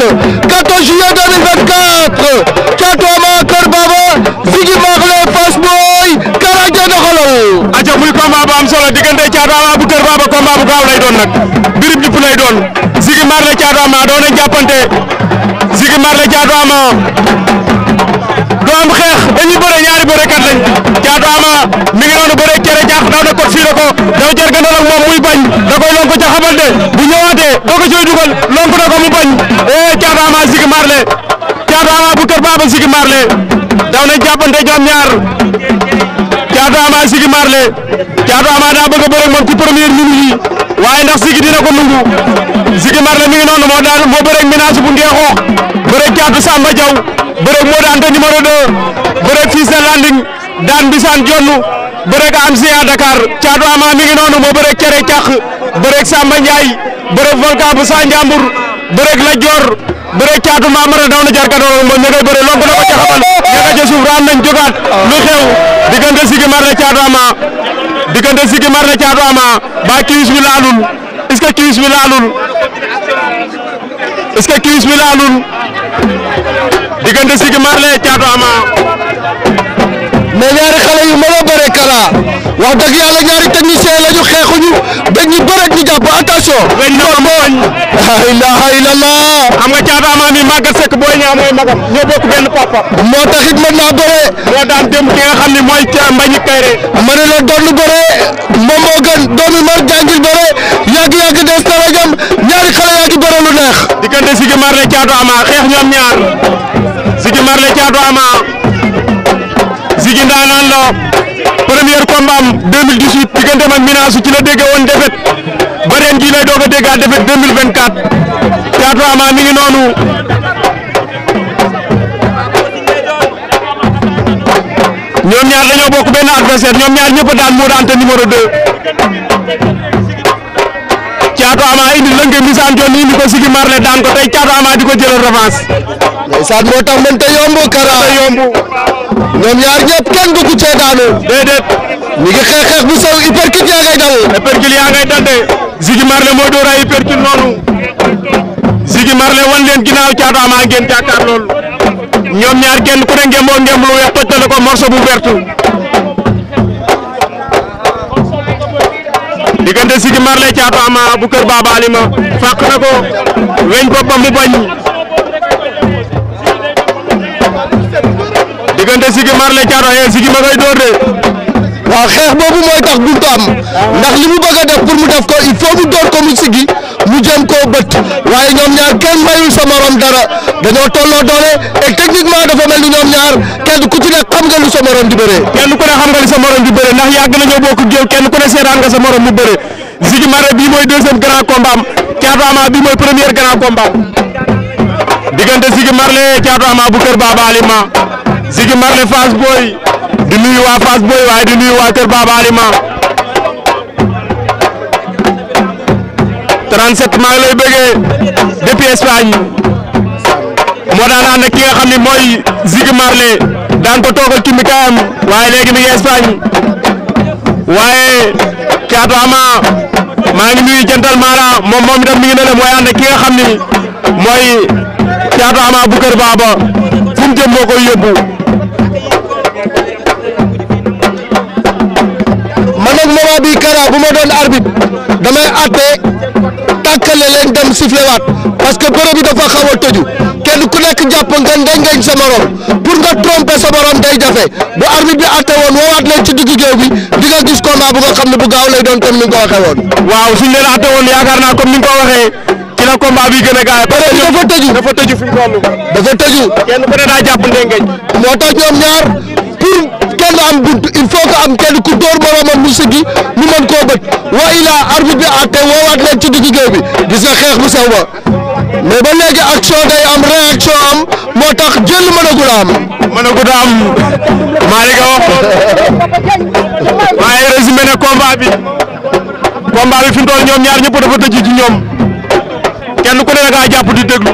dimanche 14 juillet 2024 Thiatouma Kër Baba Ziggy Marley Fass Boy Kara Diène a aca muy combat bu am solo diggante Thiatouma bu Kër Baba combat bu gaaw lay doon nag birib jupp lay doon Ziggy Marley Thiatouma doon nañ jàppante Ziggy Marley Thiatouma do am xeex dañuy bëre ñaari bërekat lañ Thiatouma mi ngi noonu bëree cere jaax daw na ko siire ko daw cer gandal ak moom muy bañ da koy lonk ca xamal de bu ñëwaatee doo ko cooy dugal lonk na ko mu bañ ee eh, caata ama sigi marle caata ama bu kër baaba sigi marle daw nañ jàppante ñoom ñaar caata ama sigi marle caata ama daa bëgg a bëre moom ci première minute yi waaye ndax sigi dina ko nungu sigi marle mi ngi moo daan moo bëreeg menace bu ngee xoox bëreeg caatu Samba Diaw bëreeg moo daan te numéro 2 bëreeg fii daan bisaan jonnu bëreg am si à Dakar caatu ama mi ngi noonu moo bëreg cere càq bëreg Samba Ndiaye bëreg volcan bu saa njàmbur bëreg la joor bëreg caatu maamara daw na jarka doon moom ña ngay bëre na ko ca xamal ña nga ca suuf raam nañ lu xew diggante sigi mar na caatu ba kiis bi laalul est-ce que laalul est-ce que laalul diggante sigi mar le caatu wax dëgg yàlla ñaari technicien la ñu xeexuñu dañu bëre ñu jàpp attention. weñ na ma weñ. la ilaha illallah. am nga caata amaam yi booy ñaa mooy magam ñoo bokk benn papa. moo tax it naa bëre. moo daan dem ki nga xam ne mooy ca mbañi kayre. ma ne la doon bëre gën doomi mar jàngil bëre yàgg yàgg des na la ñaari xale yaa ngi bëre lu neex. diggante Sigi Marley caatu ama xeex ñoom ñaar Sigi Marley caatu ama Sigi ndaanaan la. premier combat am 2018 digganteem ak Minasu ci la déggee woon défaite ba ren jii lay doog a déggaat défaite 2024 Thiatou Ama mi ngi noonu ñoom ñaar dañoo bokk benn adversaire ñoom ñaar ñëpp daan moo daan te numéro 2 Thiatou Ama indi lëngëm bi Sane Dione indi ko Sigi Marley daan ko tey Thiatou Ama di ko jëloon revanche. ndeysaan moo tax mënta yomb Kara yomb ñoom ñaar ñëpp kenn bëggu cee daanu déedéet ñu ngi xeex xeex bu sew hypercule yaa ngay dal hypercule yaa ngay de Ziggy Marley moo door ay noonu Ziggy Marley wan leen ginnaaw caatu ama ngeen jàkkaar ñaar kenn ku ne ngemboo ngemb lu ko morceau bu vert diggante Ziggy Marley caatu bu kër Baba Alima fàq na ko weñ boppam mu bañ diggante Sigi Marley Thiaroye yee eh, Sigi ma ngay door de. waaw xeex boobu mooy tax buntu am ndax li mu bëgg a def pour mu def ko il faut mu door ko mu Sigi mu jëm koo ku ci nekk xam nga lu sa morom di bëree. kenn ku ne xam nga lu sa morom di bëree ndax yàgg nañoo bokk géew kenn ku ne seetaan nga sa morom mu bëree Sigi Marley bii mooy premier grand combat diggante Sigi Marley Thiatou Ama bu kër Baba Alima Sigi Marley Fass Boy di nuyu waa Fass Boy waaye di nuyu waa Kër Baba Alima 37 maa ngi lay bëggee depuis Espagne moo daan ànd ak ki nga xam ne mooy Sigi Marley daan ko toogal waaye léegi mi ngi Espagne waaye Caatu Ama maa ngi Mara moom moom itam mi ngi ne la mooy ànd ak ki nga xam ni mooy Caatu Ama bu Kër Baba moo koy yóbbu. bu ma doon arbitre damay atte tàkkale leen dem sifflewaat parce que bërëb bi dafa xaw a tëju kenn ku nekk jàpp nga ndengeñ sa morom pour nga tromper sa morom day jafe bu arbitre bi atte woon woowaat leen ci digg géew bi di nga gis combat bu a xam ne bu gaaw lay doon comme ni nga ko waxee woon. waaw suñ leen atte woon yaakaar naa comme ni nga ko a ci la bi gën a gaaw. bërëb dafa tëju dafa tëju dafa tëju. kenn ku ne daa jàpp ndengeñ. moo tax ñoom ñaar. pour kenn am bunt il faut que am kenn ku dóor moroomam mu sigi mu mën koo bët waa ilaa arbitre bi àtte woowaat leen ci digg géew bi gis nga xeex mu sew ba mais ba léegi action day am réaction am moo tax jël mënagul am. mënagul am Malick a wax am maa ne combat bi combat bi fi mu toll ñoom ñaar ñëpp dafa tëj ci ñoom kenn ku ne da ngaa di déglu.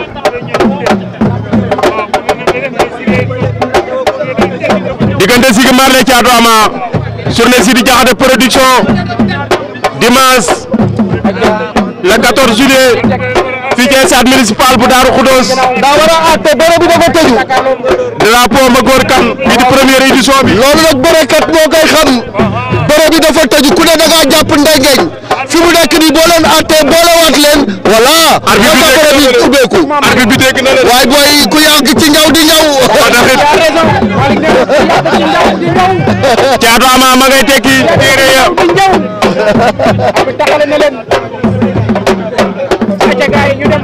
marle Thiatou Ama journée Sidi Diakhaté production dimanche le 14 juillet fii ci stade municipal bu Daaru Khoudoss daa war a àtte bëre bu ko ko tëju drapeau ma góor kan di première édition bi loolu nag bërekat moo koy xam bëre bi dafa tëju ku ne da ngaa jàpp ndengeñ fi mu nekk nii boo leen boole waat leen voilà arbitre bi dégg na leen ubbeeku arbitre bi dégg na leen waaye booy ku Caatu Ama ma ngay tekki téere ya taxale na leen aca gaay ñu dem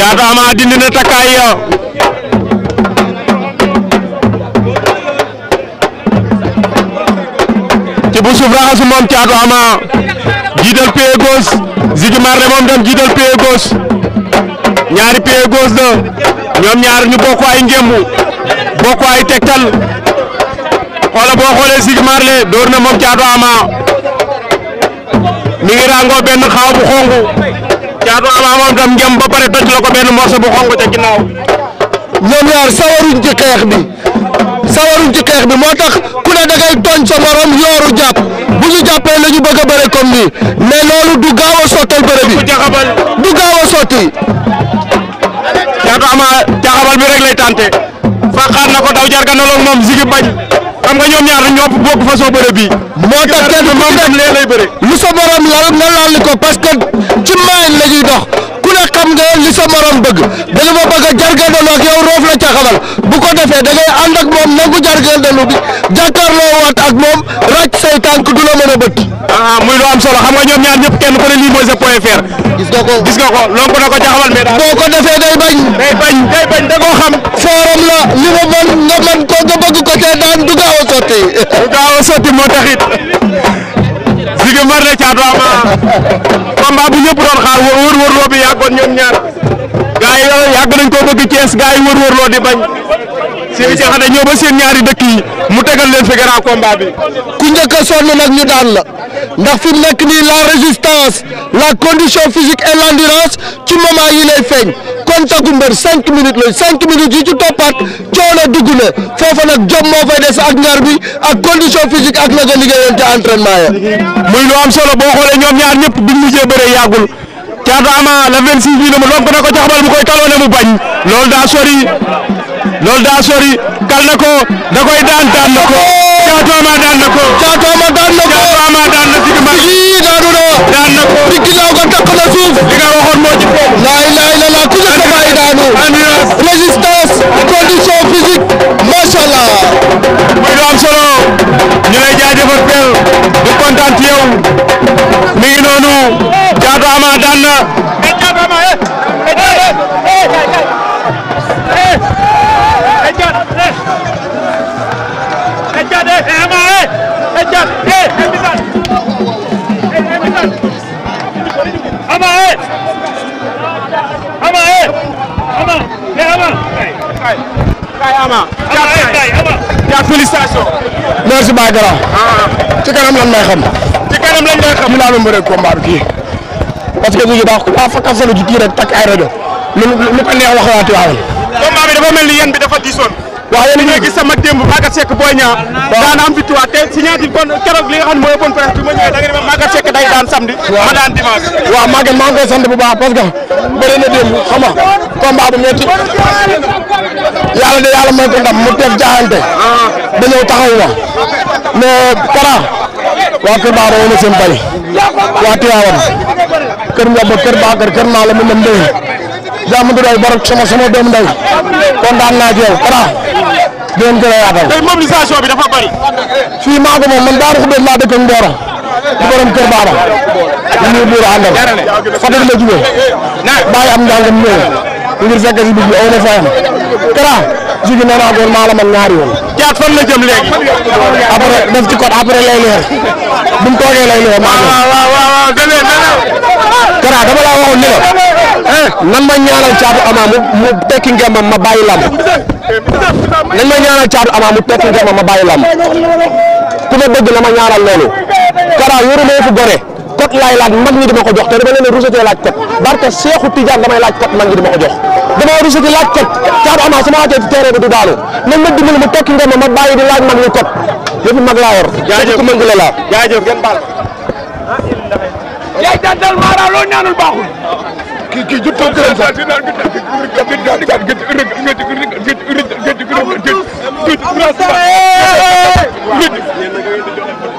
Caatu Ama dindi na takkaay ya ci bu suuf raxasu moom Caatu Ama jiital pied gauche Zigmar de moom dem jiital pied gauche ñaari pied gauche la ñoom ñaar ñu bokk ay ngemb bokk ay tegtal xoola boo xoolee Sig Marley door na moom Thiatou Ama mi ngi benn xaaw bu xonq Thiatou Ama moom tam ngemb ba pare toj ko benn morceau bu xonq ca ginnaaw. ñoom ñaar sawaruñ ci bi sawaruñ ci bi moo tax ku ne da ngay tooñ sa morom yooru jàpp bu ñu jàppee la ñu bëgg bëre comme nii mais loolu du gaaw a sottal bëre du gaaw a sotti. caatu ama jaxabal bi rek lay tante faqaat na ko daw jarganaloog moom zigi bañ xam nga ñoom ñaar dañ ñoo bokk façon bëre bii. moo tax kenn moom dem lee lay bëre. lu sa lal nga lalli ko parce que ci la ñuy dox. ne xam nga li sa morom bëgg dañu ma bëgg a jargandaloo ak yow roof la ca bu ko defee da ngay ànd ak moom nangu jargandalu bi jàkkaarloo waat ak moom ràcc say tànk du la mën a bëtt. ah muy lu am solo xam nga ñoom ñaar ñëpp kenn ku ne lii mooy sa point fr. gis nga ko gis nga ko lonku na ko ca xamal mais. boo ko day bañ. day bañ day bañ da koo xam. forum la li ma mën nga mën ko nga bëgg ko te daan du gaaw a sotti. du gaaw a sotti moo taxit. Zigué Mbarré Thiatou Ama combat bu ñëpp doon xaar wër wër loo bi yàggoon ñoom ñaar gaay yi yàgg ko bëgg Thiès gaay yi di bañ Sëriñ Jaxate ñëw ba seen ñaari dëkk yi mu tegal leen fi grand combat bi ku njëkk a sonn nag ñu daan la ndax fi mu nekk nii la résistance la condition physique et l'endurance ci moment yi feeñ contact mbër cinq minutes la cinq minutes yi ci toppaat coono dugg na foofa moo fay des ak ngar bi ak condition physique ak la nga liggéeyoon te entraînement ya muy lu am solo boo xoolee ñoom ñaar ñëpp biñ mujjee bëree yàggul Caatu Ama la 26 bi mu lonk ko jaxabal mu koy kaloone mu bañ loolu daa sori loolu daa sori kal ko da koy daan daan na ko Caatoma daan na ko. Caatoma daan na ko. Caatoma daan daan na ko. Big Ginnaaw ko takk na suuf. li nga waxoon moo ci bopp. laa ilaaha illallaah ku njëkk a bàyyi daanu. résistance condition physique macha allah. muy lu am solo ñu lay jaajëfal Pell di kontaan ci Ama. Thiat félicitations. merci Baye Gara. ci kanam lan may xam. ci kanam lan may xam. ñu naan mbëre combat bi kii. parce que ñu ngi baax waa Fakka Sall ci kii rek takk ay rajo lu lu ko neex waxawaati waawoon. combat bi dafa mel ni yéen bi dafa diisoon. waaye li ngay gis sama démb Maguette Seck Boy Niang daan am victoire te si ñaari bon keroog li nga xam ne bon presse bi ma ñëwee da nga ne ma day daan samedi ma daan dimanche waaw Maguette maa ngi sant bu baax parce que bëri na démb xam nga combat bu métti yàlla de yàlla may ko ndam mu teg jaayante dañoo taxaw mais para wala bari kër kër kër mu jàmm du doy borom sama sama doomu ndey kontaan naa ci yow Kara di leen gën a yaatal. tey mobilisation bi dafa bari. fii maa ko moom man Darou Khoudoss laa dëkk ak Ndora di Kër Baaba di nuyu buur àndal Fatick la jugee bàyyi am njàngam ngir fekk si bis bi na fayam Kara jigi nee naa ko maa la man ñaari yoon. jaat fan la jëm léegi. après def ci code après lay leer bu laa waxoon ni Eh, nan ma ñaanal caatu ama mu mu tekki ngembam ma bàyyi lamb nan ma ñaanal caatu ama mu tekki ma bàyyi lamb ku ma bëgg na ma ñaanal loolu Kara yoruma fu gore kot laay laaj mag ñi dama ko jox te dama leen rusatee laaj kot barke Seexu Tijaan damay laaj kot mag ñi dama ko jox dama rusatee laaj kot caatu ama sama wàccee ci terrain bi du daanu nan ma dimbali mu tekki ma bàyyi di laaj mag ñi kot yëpp mag laa yor jaajëf ku mëngule laa jaajëf ngeen kii kii a toog këram sax. gëj gëj